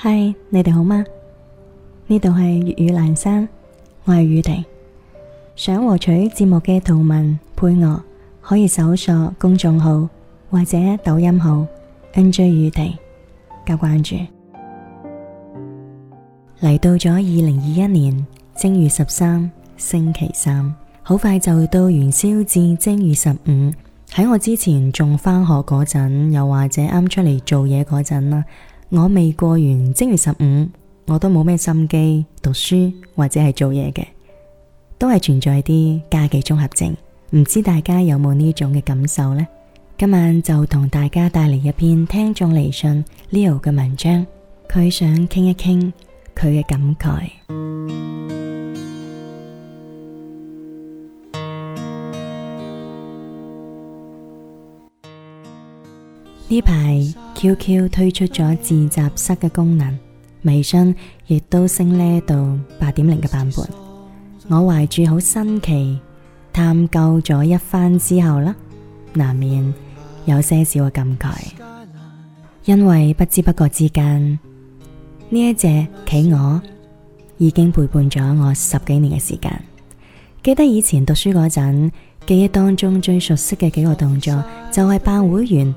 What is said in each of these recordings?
嗨，Hi, 你哋好嗎？呢度係粵語闌珊，我係宇婷。想獲取節目嘅圖文配樂，可以搜索公眾號或者抖音號 NJ 宇婷加關注。嚟到咗二零二一年正月十三星期三，好快就到元宵至正月十五。喺我之前仲返學嗰陣，又或者啱出嚟做嘢嗰陣啦。我未過完正月十五，我都冇咩心機讀書或者係做嘢嘅，都係存在啲假期綜合症。唔知大家有冇呢種嘅感受呢？今晚就同大家帶嚟一篇聽眾嚟信 Leo 嘅文章，佢想傾一傾佢嘅感慨。呢排 QQ 推出咗自習室嘅功能，微信亦都升呢到八點零嘅版本。我懷住好新奇探究咗一番之後啦，難免有些少嘅感慨，因為不知不覺之間呢一隻企鵝已經陪伴咗我十幾年嘅時間。記得以前讀書嗰陣，記憶當中最熟悉嘅幾個動作就係辦會員。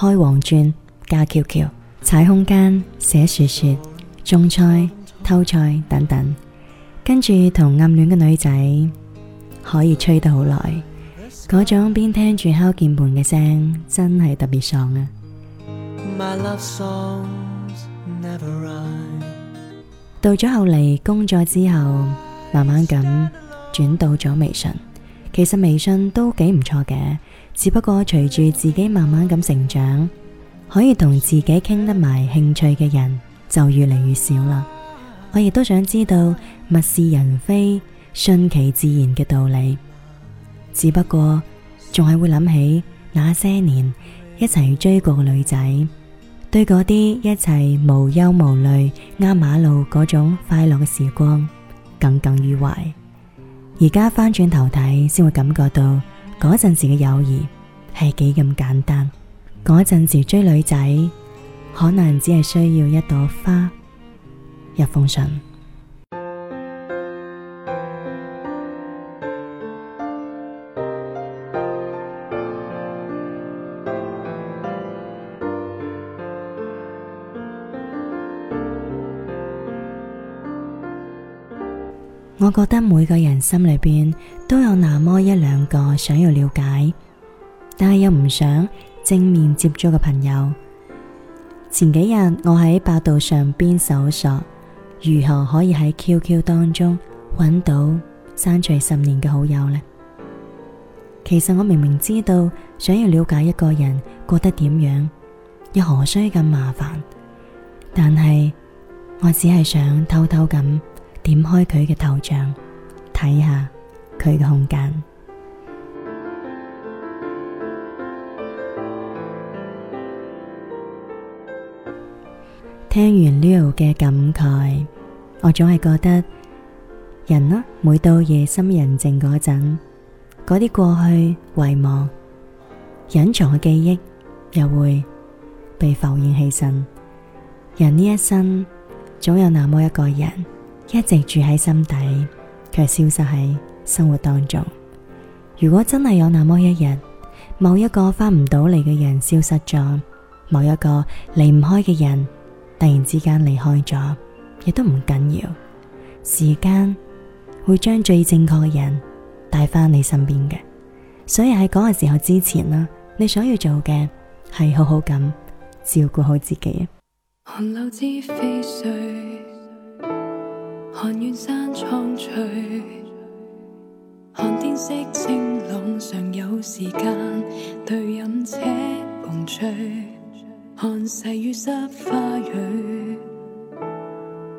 開黃鑽、加 QQ、踩空間、寫說說、種菜、偷菜等等，跟住同暗戀嘅女仔可以吹得好耐，嗰種邊聽住敲鍵盤嘅聲，真係特別爽啊！到咗後嚟工作之後，慢慢咁轉到咗微信。其實微信都幾唔錯嘅，只不過隨住自己慢慢咁成長，可以同自己傾得埋興趣嘅人就越嚟越少啦。我亦都想知道物是人非、順其自然嘅道理，只不過仲係會諗起那些年一齊追過嘅女仔，對嗰啲一齊無憂無慮、壓馬路嗰種快樂嘅時光耿耿於懷。而家翻轉頭睇，先會感覺到嗰陣時嘅友誼係幾咁簡單。嗰陣時追女仔，可能只係需要一朵花、一封信。我覺得每個人心裏邊都有那麼一兩個想要了解，但係又唔想正面接觸嘅朋友。前幾日我喺百度上邊搜索，如何可以喺 QQ 當中揾到刪除十年嘅好友呢？其實我明明知道想要了解一個人過得點樣，又何須咁麻煩？但係我只係想偷偷咁。點開佢嘅頭像，睇下佢嘅空間。聽完 Leo 嘅感慨，我總係覺得人呢、啊，每到夜深人靜嗰陣，嗰啲過去遺忘、隱藏嘅記憶，又會被浮現起身。人呢一生，總有那麼一個人。一直住喺心底，卻消失喺生活當中。如果真係有那麼一日，某一個翻唔到嚟嘅人消失咗，某一個離唔開嘅人突然之間離開咗，亦都唔緊要。時間會將最正確嘅人帶翻你身邊嘅。所以喺嗰個時候之前啦，你想要做嘅係好好咁照顧好自己啊！寒看遠山蒼翠，看天色清朗，常有時間對飲且共醉。看細雨濕花蕊，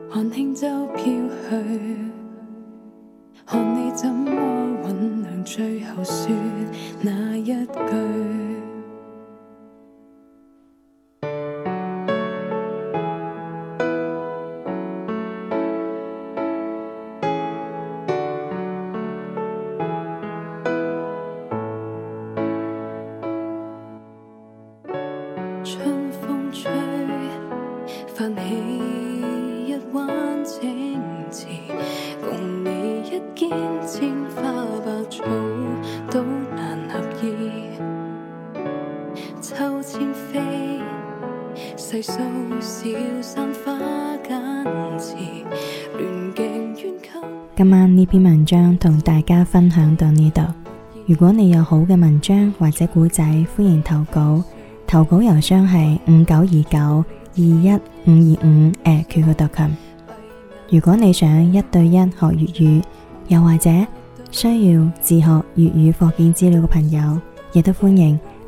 看輕舟飄去，看你怎麼醖釀，最後説那一句。秋千飛細數小山花今晚呢篇文章同大家分享到呢度。如果你有好嘅文章或者古仔，歡迎投稿。投稿郵箱係五九二九二一五二五 @qq.com。如果你想一對一學粵語，又或者需要自學粵語課件資料嘅朋友，亦都歡迎。